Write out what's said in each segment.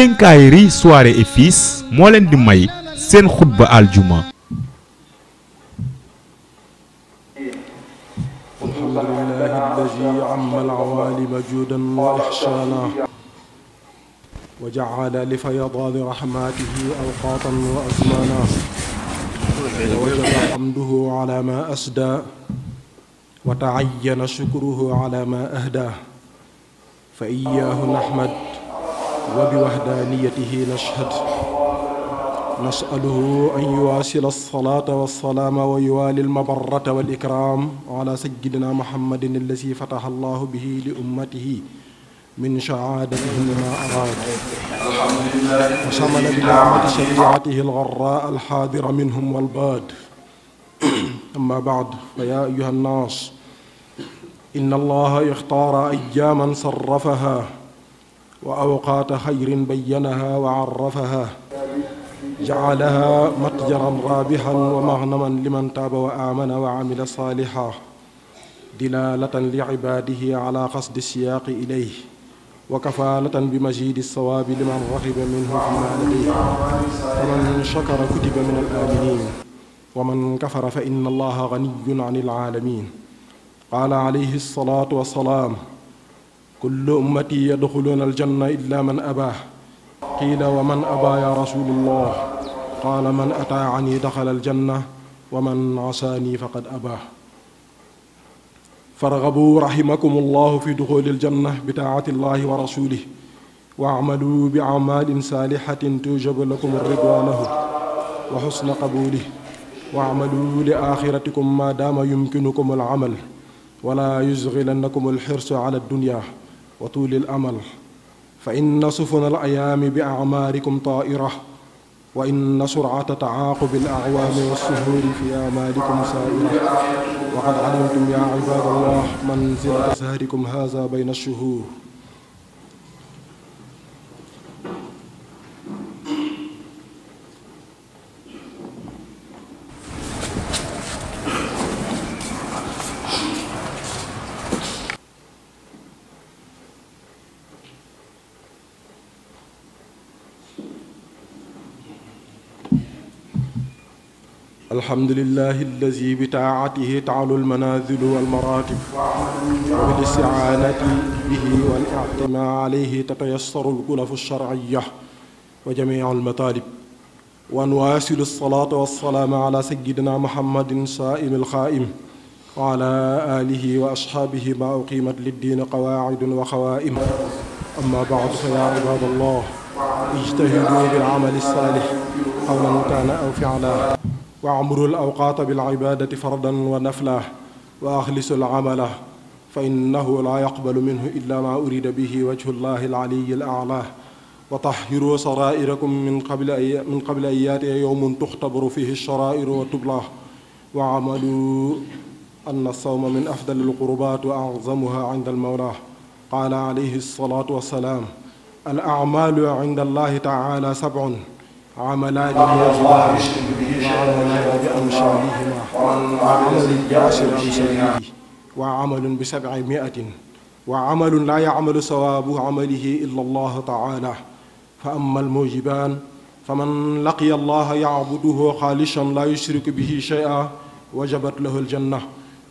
dénkaay ri soirée et fils mo len di may seen xutba aljuma وجعل لفيضان رحماته أوقاتا وأزمانا وجب حمده على ما أسدى وتعين شكره على ما اهدى فإياه نحمد وبوحدانيته نشهد نسأله أن يواصل الصلاة والسلام ويوالي المبرة والإكرام على سيدنا محمد الذي فتح الله به لأمته من شعاده ما أراد وشمل بنعمة شريعته الغراء الحاضر منهم والباد أما بعد فيا أيها الناس إن الله اختار أياما صرفها وأوقات خير بينها وعرفها جعلها متجرا رابحا ومغنما لمن تاب وآمن وعمل صالحا دلالة لعباده على قصد السياق إليه وكفالة بمجيد الصواب لمن رغب منه فيما لديه فمن شكر كتب من الآمنين ومن كفر فإن الله غني عن العالمين قال عليه الصلاة والسلام كل أمتي يدخلون الجنة إلا من أباه قيل ومن أبى يا رسول الله قال من أطاعني دخل الجنة ومن عصاني فقد أباه فارغبوا رحمكم الله في دخول الجنة بتاعة الله ورسوله واعملوا بأعمال صالحة توجب لكم رضوانه وحسن قبوله واعملوا لآخرتكم ما دام يمكنكم العمل ولا يزغلنكم الحرص على الدنيا وطول الأمل فإن سفن الأيام بأعماركم طائرة وإن سرعة تعاقب الأعوام والسهول في أعمالكم سائرة وقد علمتم يا عباد الله منزلة سهركم هذا بين الشهور الحمد لله الذي بتاعته تعلو المنازل والمراتب وبالاستعانة به والاعتماء عليه تتيسر الكلف الشرعية وجميع المطالب وأن واصل الصلاة والسلام على سيدنا محمد سائم الخائم وعلى آله وأصحابه ما أقيمت للدين قواعد وخوائم أما بعد فيا عباد الله اجتهدوا بالعمل الصالح قولا كان أو فعلا واعمروا الأوقات بالعبادة فردا ونفلا وأخلصوا العمل فإنه لا يقبل منه إلا ما أريد به وجه الله العلي الأعلى وطهروا سرائركم من قبل أي من قبل أن يأتي يوم تختبر فيه الشرائر وتبلى وعملوا أن الصوم من أفضل القربات وأعظمها عند المولى قال عليه الصلاة والسلام الأعمال عند الله تعالى سبع عملا وعمل بعشر أمثاله وعمل بسبعمائة وعمل لا يعمل صواب عمله إلا الله تعالى فأما الموجبان فمن لقي الله يعبده خالصا لا يشرك به شيئا وجبت له الجنه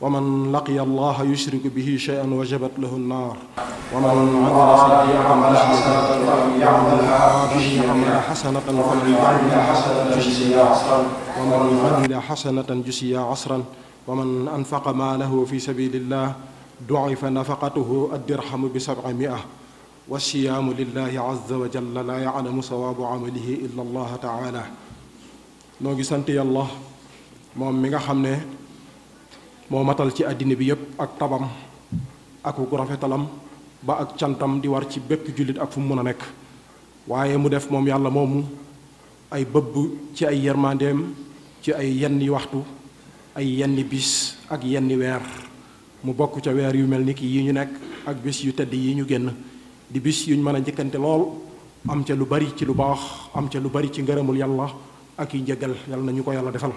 ومن لقي الله يشرك به شيئا وجبت له النار ومن عمل صديقا يعمل حسنة ومن عمل حسنة جسيا عصرا ومن أنفق ماله في سبيل الله ضعف نفقته الدرهم بسبعمائة والصيام لله عز وجل لا يعلم صواب عمله إلا الله تعالى noo سنتي الله yàlla moom mo matal ci adina bi yépp ak tabam ak ku rafetalam ba ak cantam di war ci bepp julit ak fu mu nek waye waaye mu def mom yalla mom ay bebb ci ay yermandem ci ay yenn waxtu ay yenn bis ak yenn wer mu bokku ci weer yu melni ki yi ñu nek ak bis yu tedd yi ñu genn di bis yu ñu mëna njëkkante lool am ci lu bari ci lu baax am ci lu bari ci ngeeramul yalla ak yi njëgal yalla nañu ko yalla defal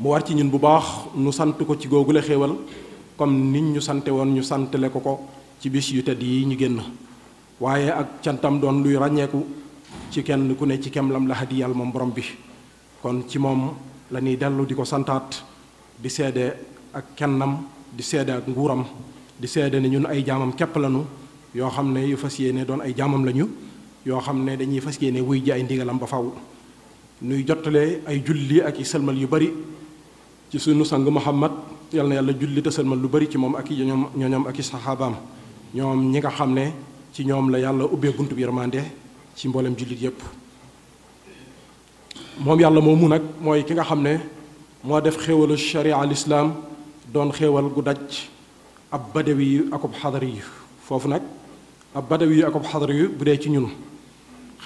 mu war ci ñun bu baax nu sant ko ci gogule xewal comme nit ñu santé won ñu ko ko ci bis yu tedd yi ñu genn waaye ak cantam doon luy ràññeeku ci kenn ku ne ci kem lam la hadiyal moom borom bi kon ci moom la ñuy dellu di ko santaat di seede ak kennam di seede ak nguuram di seede ne ñun ay jaamam képp lañu yoo xam ne yu fas yéene doon ay jaamam lañu yoo xam ne dañuy fas yéene wuy ji ay ndigalam ba faw nuy ay julli ak i sëlmal yu bari ci sunu sang Muhammad yal na yàlla julli te sëlmal lu bari ci moom ak i ñoom ñoom ak i saxaabaam ñoom ñi nga xam ne ci ñoom la yàlla ubbee bunt bi yërmande ci mboolem jullit yépp moom yàlla moo moomu nag mooy ki nga xam ne moo def xéewalu sharia al doon xéewal gu daj ab badawi yu akub xadar yi foofu nag ab badawi yu akub xadar yu bu dee ci ñun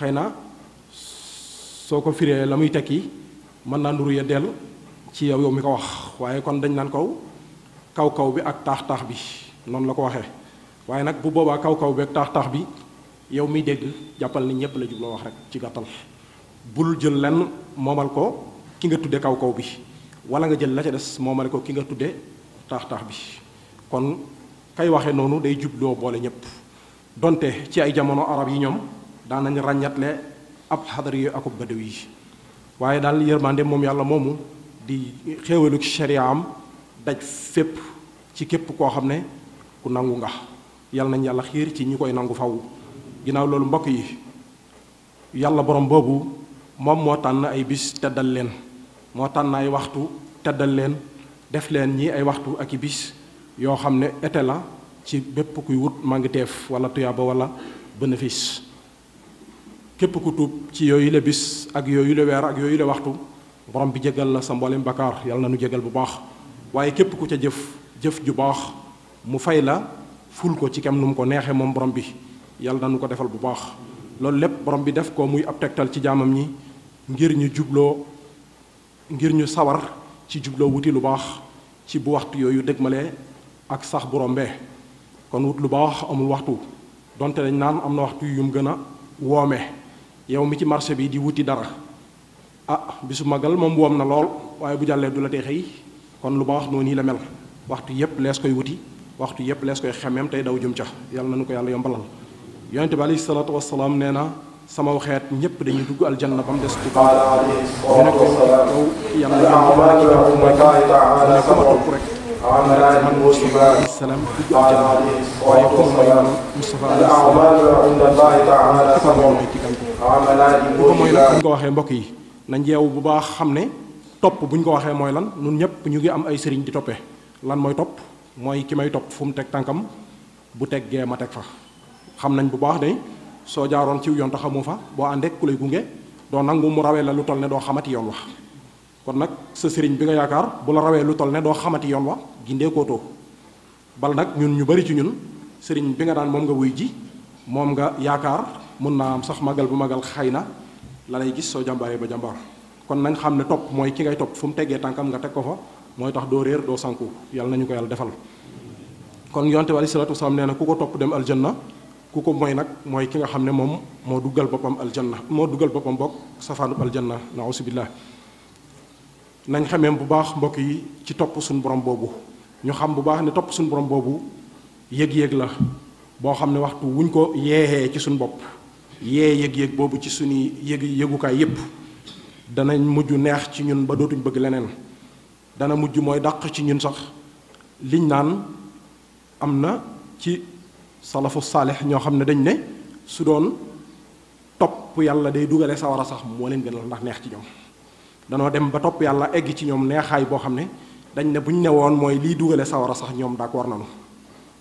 xëy na soo ko firee la muy tekki mën naa nuru ya dellu ci yow yow mi ko wax waaye kon dañ nan kaw kaw kaw bi ak tax tax bi non la ko waxe waaye nag bu boobaa kaw kaw bi ak tax tax bi yow mi deg, jàppal ni ñëpp la jublo wax rek ci gàttal bul jël lenn moomal ko ki nga tudde kaw kaw bi wala nga jël la ca des moomale ko ki nga tudde tax tax bi kon kay waxe noonu day jubloo boole ñëpp donte ci ay jamono arab yi ñoom daanañ ràññatle ab xadar yi akub badaw yi waaye daal yërmande moom yàlla moomu di xéewaluk shariaam daj fep ci kep ko xamne ne ku nangu nga yalla nañ yalla xir ci ñi koy nangu faaw ginaaw lolu mbokk yi yalla borom bobu mom mo tan ay bis teddal len mo tan ay waxtu teddal len def len ñi ay waxtu ak bis yo xamne ne été la ci bepp kuy wut mangi teef wala tuyaaba wala bénéfice kep ku tup ci yoyu le bis ak yoyu le weer ak yoyu le waxtu borom bi jegal la sa mboolem bakaar yàlla na nu jegal bu baax waaye képp ku ca jëf jëf ju baax mu fay la ful ko ci kem nu mu ko neexee moom borom bi yàlla na nu ko defal bu baax loolu lépp borom bi def ko muy ab tegtal ci jaamam ñi ngir ñu jubloo ngir ñu sawar ci jubloo wuti lu baax ci bu waxtu yooyu dëgmale ak sax bu rombee kon wut lu baax amul waxtu donte dañ naan am na waxtu yu mu gën a woome yow mi ci marché bi di wuti dara ah bisu magal moom woom na lool waaye bu jàllee du la te xëy kon lu ba wax noonu nii la mel waxtu yépp lees koy wuti waxtu yépp lees koy xemeem tey daw jëm ca yàlla na nu ko yàlla yombalal yonente bi alayhi salaatu wasalaam nee na sama xeet ñépp dañuy dugg aljanna ko yow yàlla yombalal ki ne ko ma topp rek man waxee mbokk yi nañ yeewu bu baax xam ne topp bu ñu ko waxee mooy lan nun ñëpp ñu ngi am ay sëriñ di toppee lan mooy topp mooy ki may topp fu mu teg tànkam bu teg gee ma teg fa xam nañ bu baax ne soo jaaroon ci yoon ta xamoo fa boo àndee ku lay gunge doo nangu mu rawee la lu tol ne doo xamati yoon wax kon nag sa sëriñ bi nga yaakaar bu la rawee lu tol ne doo xamati yoon wa gindee kootoo bal nag ñun ñu bari ci ñun sëriñ bi nga daan moom nga wuy ji moom nga yaakaar mun naa am sax magal bu magal xay na la lay gis soo jàmbaaree ba jàmbaar kon nañ xam ne topp mooy ki ngay topp fu mu teggee tànkam nga teg ko fa mooy tax doo réer doo sànku yàlla nañu ko yàlla defal kon yonte bi alei salatu wasalaam nee na ku ko topp dem aljanna ku ko moy nag mooy ki nga xam ne moom moo duggal boppam aljanna moo duggal boppam bokk safaanub aljanna billah nañ xamee bu baax mbokk yi ci topp suñ borom boobu ñu xam bu baax ne topp suñ borom boobu yëg-yëg la boo xam ne waxtu wuñ ko yeexee ci suñ bopp yee yëg yëg boobu ci suñu yëg yëgukaay yépp danañ mujj neex ci ñun ba dootuñ bëgg leneen dana mujj mooy dàq ci ñun sax liñ naan am na ci salafu saalix ñoo xam ne dañ ne su doon topp yàlla day dugale sawara sax moo leen gënal ndax neex ci ñoom danoo dem ba topp yàlla egg ci ñoom neexaay boo xam ne dañ ne buñ ne woon mooy liy dugale wara sax ñoom d'accord nanu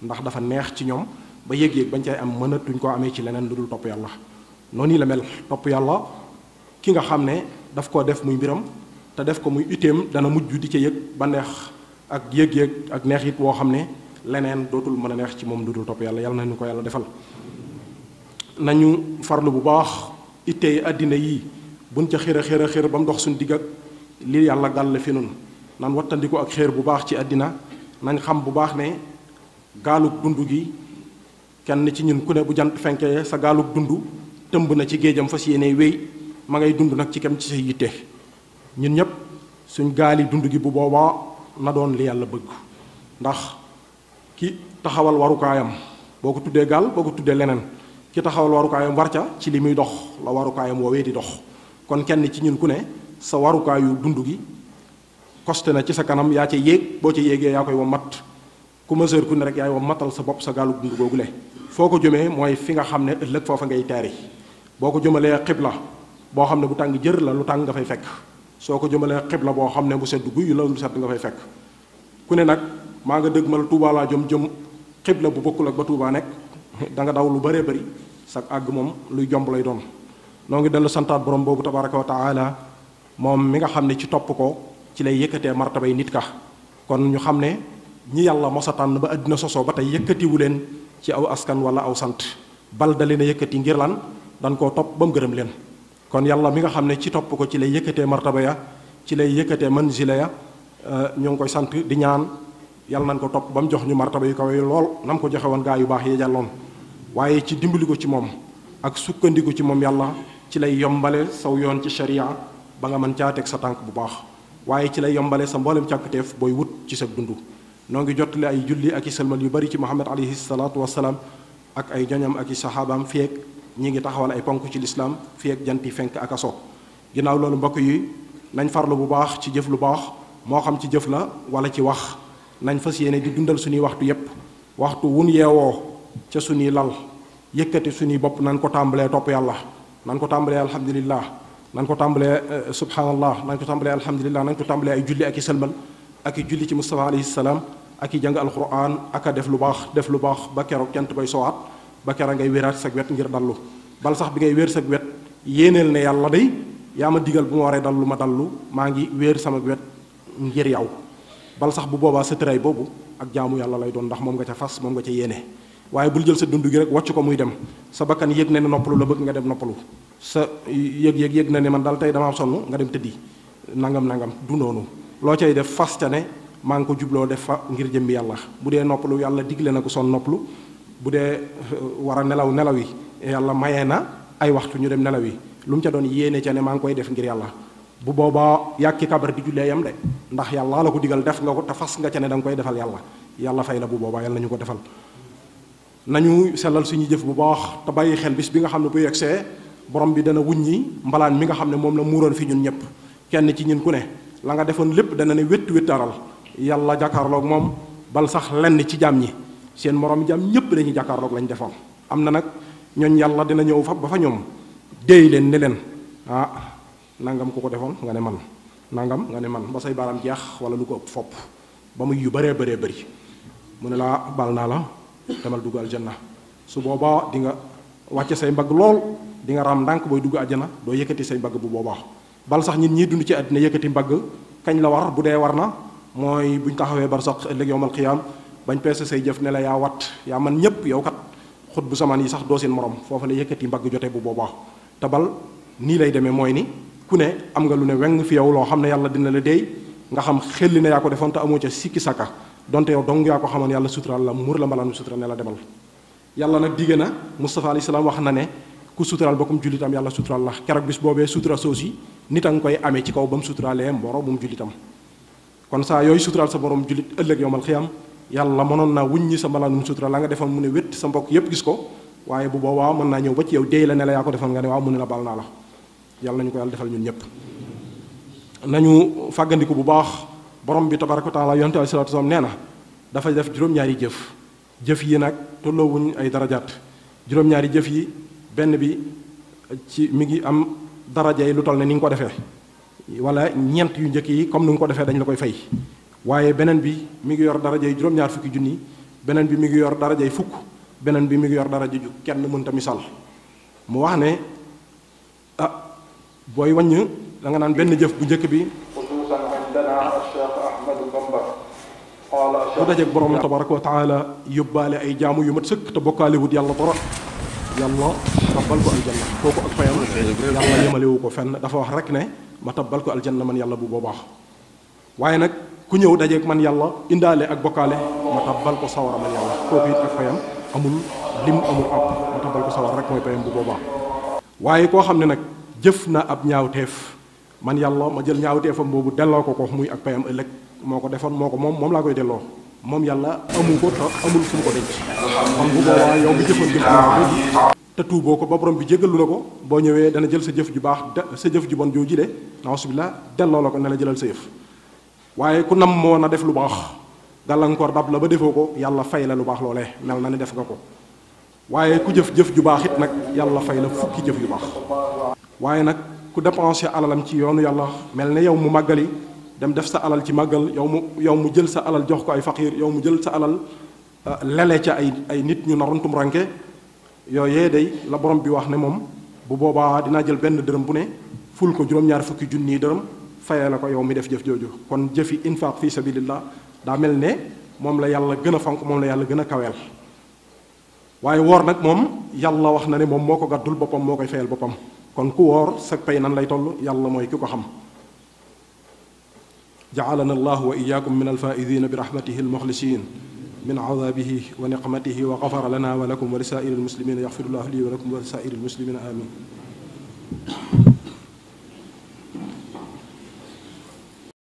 ndax dafa neex ci ñoom ba yëg-yëg bañ cay am mënatuñ ko amee ci leneen lu dul topp noonu la mel topp yàlla ki nga xam ne daf koo def muy mbiram te def ko muy itéem dana mujj di ca yëg ba neex ak yëg-yëg ak neex it woo xam ne leneen dootul mën a neex ci moom lu dul topp yàlla yàlla ko yàlla defal nañu farlu bu baax ittey àddina yi buñ ca xër a xër ba mu suñ digg ak yàlla gàll fi noonu nan wattandiku ak xéer bu baax ci àddina nañ xam bu baax ne gaalug dund gi kenn ci ñun ku ne bu jant fenkee sa gaalug dund tëmb na ci géejam fas yéene wéy ma ngay dund nag ci kam ci sa yitte ñun ñëpp suñ gaali dund gi bu boobaa na doon li yàlla bëgg ndax ki taxawal warukaayam boo ko tuddee gaal boo ko tuddee ki taxawal warukaayam war ca ci li muy dox la warukaayam woowee di dox kon kenn ci ñun ku ne sa warukaayu dund gi koste na ci sa kanam yaa ca yéeg boo ca yéegee yaa koy mat ku mesure ku ne rek yaay matal sa bopp sa gaalu dund googu foo ko jëmee fi nga xam ne ëllëg ngay teeri boko ko qibla bo xamne ne bu tang jeur la lu tang nga fay fekk soko ko qibla bo xamne ne bu seddu guy la lu sedd nga fay fekk ku ne nak ma nga dëgmal touba la jëm jëm qibla bu bokul ak ba touba nek da nga daw lu bare bare sak ag mom luy jom lay don no ngi delu santat borom bobu taala mom mi nga xamne ci top ko ci lay yëkkatee martabay nit ka kon ñu xamne ne ñi yàlla mosa tànn ba adina soso batay yekati wulen ci aw askan wala aw sant bal dalina yekati ngir lan dan koo top bom mu gërëm leen kon yalla mi nga xamne ne ci top ko ci lay yëkëté martaba ya ci lay man manzila ya ñu eh, ngi koy sant di ñaan yalla nan ko top bam jox ñu martaba yu kawé lool nam ko joxe woon gaa yu baax yi ya jallon waye ci ko ci mom ak sukkandiku ci mom yalla ci lay yombalé saw yoon ci sharia ba nga man caa teg sa tank bu baax waye ci lay yombalé sa mboolem càkkuteef boy wut ci sa dundu no ngi jottali ay julli ak salmal yu bari ci muhammad alayhi salatu wassalam ak ay joñam ak sahabam fiek ñi ngi taxawal ay ponk ci l'islam fi ak janti fenk ak aso ginaaw loolu mbokk yi nañ farlu bu baax ci jëf lu baax moo xam ci jëf la wala ci wax nañ fas di dundal suni waxtu yépp waxtu wun yeewoo ca suñuy lal yëkkati suñuy bopp nan ko tàmbalee topp yàlla nan ko tàmbalee alhamdulillah nan ko tàmbalee eh, subhanallah nan ko tàmbalee alhamdulillah nan ko tàmbalee ay julli ak i sëlmal ak i julli ci mustafa alayhi salaam ak i alquran ak a def lu baax def lu baax ba keroog jant bay sowaat bakara ngay wéraat sa wet ngir dalu bal sax bi ngay wér sa wet yénel ne yalla day yama digal bu ma waree dallu ma dalu ma ngi sama wet ngir yaw bal sax bu boba sa tray bobu ak jaamu yalla lay doon ndax mom nga ca fas mom nga ca yéné waye bul jël sa dundu gi rek waccu ko muy dem sa bakkan yegg né noppalu la bëgg nga dem noppalu sa yegg yegg yegg né man dal tay dama sonu nga dem teddi nangam nangam du nonu lo cey def fas ca ne mang ko jublo def ngir jëmbi yalla bu noppalu yalla diglé na son noppalu Bude eh, waran nelaw nelaw yi yalla mayena ay waxtu ñu dem nelaw yi lu mu ca doon yéene ca ne maa ngi koy def ngir yàlla bu boobaa yàkki kabar di julle yam de ndax yàlla la ko digal def nga ko te fas nga ca ne da nga koy defal yàlla yàlla fay la bu boobaa yàlla nañu ko defal nañu selal suñu jëf bu baax te bàyyi xel bis bi nga xam ne bu yegsee borom bi dana wuññi mbalaan mi nga xam ne moom la muuroon fi ñun ñëpp kenn ci ñun ku ne la nga defoon lépp dana ne wéttu wéttaral yàlla jàkkaarloog moom bal sax lenn ci ñi seen morom jam dañu dañuy rok lañ defal am nak ñoon yalla dina ñew fa ba fa ñom leen ne leen ah nangam ku ko defoon nga ne man nangam nga ne man ba say baram jeex wala lu ko ëpp ba muy yu bare bare bari mune la bal naa la demal dugg aljanna su boba di nga wàcce say mbag lol di nga ram dank boy dugg àjjana do say mbag bu boba bal sax ñit ñi dund ci àddina yëkkati mbag kañ la war bu de war na buñ taxawé bar sax leg yowmal qiyam bañ pesse say jëf ne la ya wat ya man ñëpp yow kat xut bu samaan yi sax doo seen morom foofa la yëkkati mbagg jote bu boobaa tabal nii lay demee mooy ni ku ne am nga lu ne weng fi yow loo xam ne yàlla dina la deey nga xam xelli na yaa ko defoon te amoo ca sikki saka donte yow dong yaa ko xamoon yàlla suturaal la mur la mbalaanu sutura ne la demal yàlla nag digé na mustapha alayhi salaam wax na ne ku ba kum julitam yàlla sutra la keroog bis boobee sutura soosi nit ang koy amee ci kaw ba mu mboro bu julitam kon saa yooyu sutra sa borom julit ëllëg yowmal xiyam yalla mënoon na wunni sa malanum sutra la nga defoon mune wet sa mbokk yep gis ko waaye bu boobaa mën na ñew ba ci yow deey la ne la yaa ko defoon nga ne waaw mune ne la baal naa la yalla nañ ko yalla defal ñun ñep nañu fagandiku bu baax borom bi tabaraku taala yonte ay salatu sallam neena na dafa def juroom ñaari jëf jëf yi tolo wuñ ay darajaat juroom ñaari jëf yi benn bi ci mi ngi am daraja yi lu tol ne ni nga ko defé wala ñent yu njëkk yi comme ni nga ko defé dañ la koy fay waaye beneen bi mi ngi yor darajay juróom-ñaar fukki junni beneen bi mi ngi yor darajay fukk beneen bi mi ngi yor daraja ju kenn mënta misal mu wax ne ah booy wàññ da nga naan benn jëf bu njëkk bi bu dajeeg borom tabaraka wa taala yóbbaale ay jaamu yu mat sëkk te bokkaale wut yàlla dara yàlla tabbal ko aljanna kooku ak fayam yàlla yemalewu ko fenn dafa wax rek ne ma tabbal ko aljanna man yàlla bu boobaax waaye nag ku ñëw dajeeg man yàlla indaale ak bokkaale ma tabbal ko sawara man yàlla kooku it ak fayam amul lim amul àpp ma tabbal ko sawara rek mooy fayam bu boobaa. waaye koo xam ne nag jëf na ab ñaawteef man yàlla ma jël ñaawteefam boobu delloo ko ko muy ak payam ëllëg moo ko defoon moo ko moom laa koy delloo moom yàlla amu ko te amul fu ko denc. xam bu boobaa yow mi jëfoon jëf naa te tuuboo ko ba borom bi jéggalu na ko boo ñëwee dana jël sa jëf ju baax sa jëf ju bon jooju de naa billah delloo la ko ne la jëlal sa waaye ku nam moo na def lu baax gàllankoor dab la ba defoo ko yàlla fay la lu baax loole mel na ne def nga ko waaye ku jëf-jëf ju baax it nag yàlla fay la fukki jëf yu baax waaye nag ku dépensé alalam ci yoonu yàlla mel ne yow mu màggali dem def sa alal ci màggal yow mu yow mu jël sa alal jox ko ay faqiir yow mu jël sa alal euh, lele ca ay ay nit ñu naruntum ranke yooyee day la borom bi wax ne moom bu boobaa dinaa jël benn dërëm bu ne ful ko juróom-ñaar fukki junni dërëm fayela ko yow mi def jëf jojo kon jëfi infaq fi sabilillah da melne mom la yàlla gëna a fonk moom la yàlla gëna kawel waye wor nak mom yàlla wax na ne mom moko gadul bopam mokay fayel bopam kon ku wor sak pay nan lay tollu yàlla moy kiko xam جعلنا الله وإياكم من الفائزين برحمته المخلصين من عذابه ونقمته وغفر لنا ولكم ولسائر المسلمين يغفر الله لي ولكم ولسائر المسلمين آمين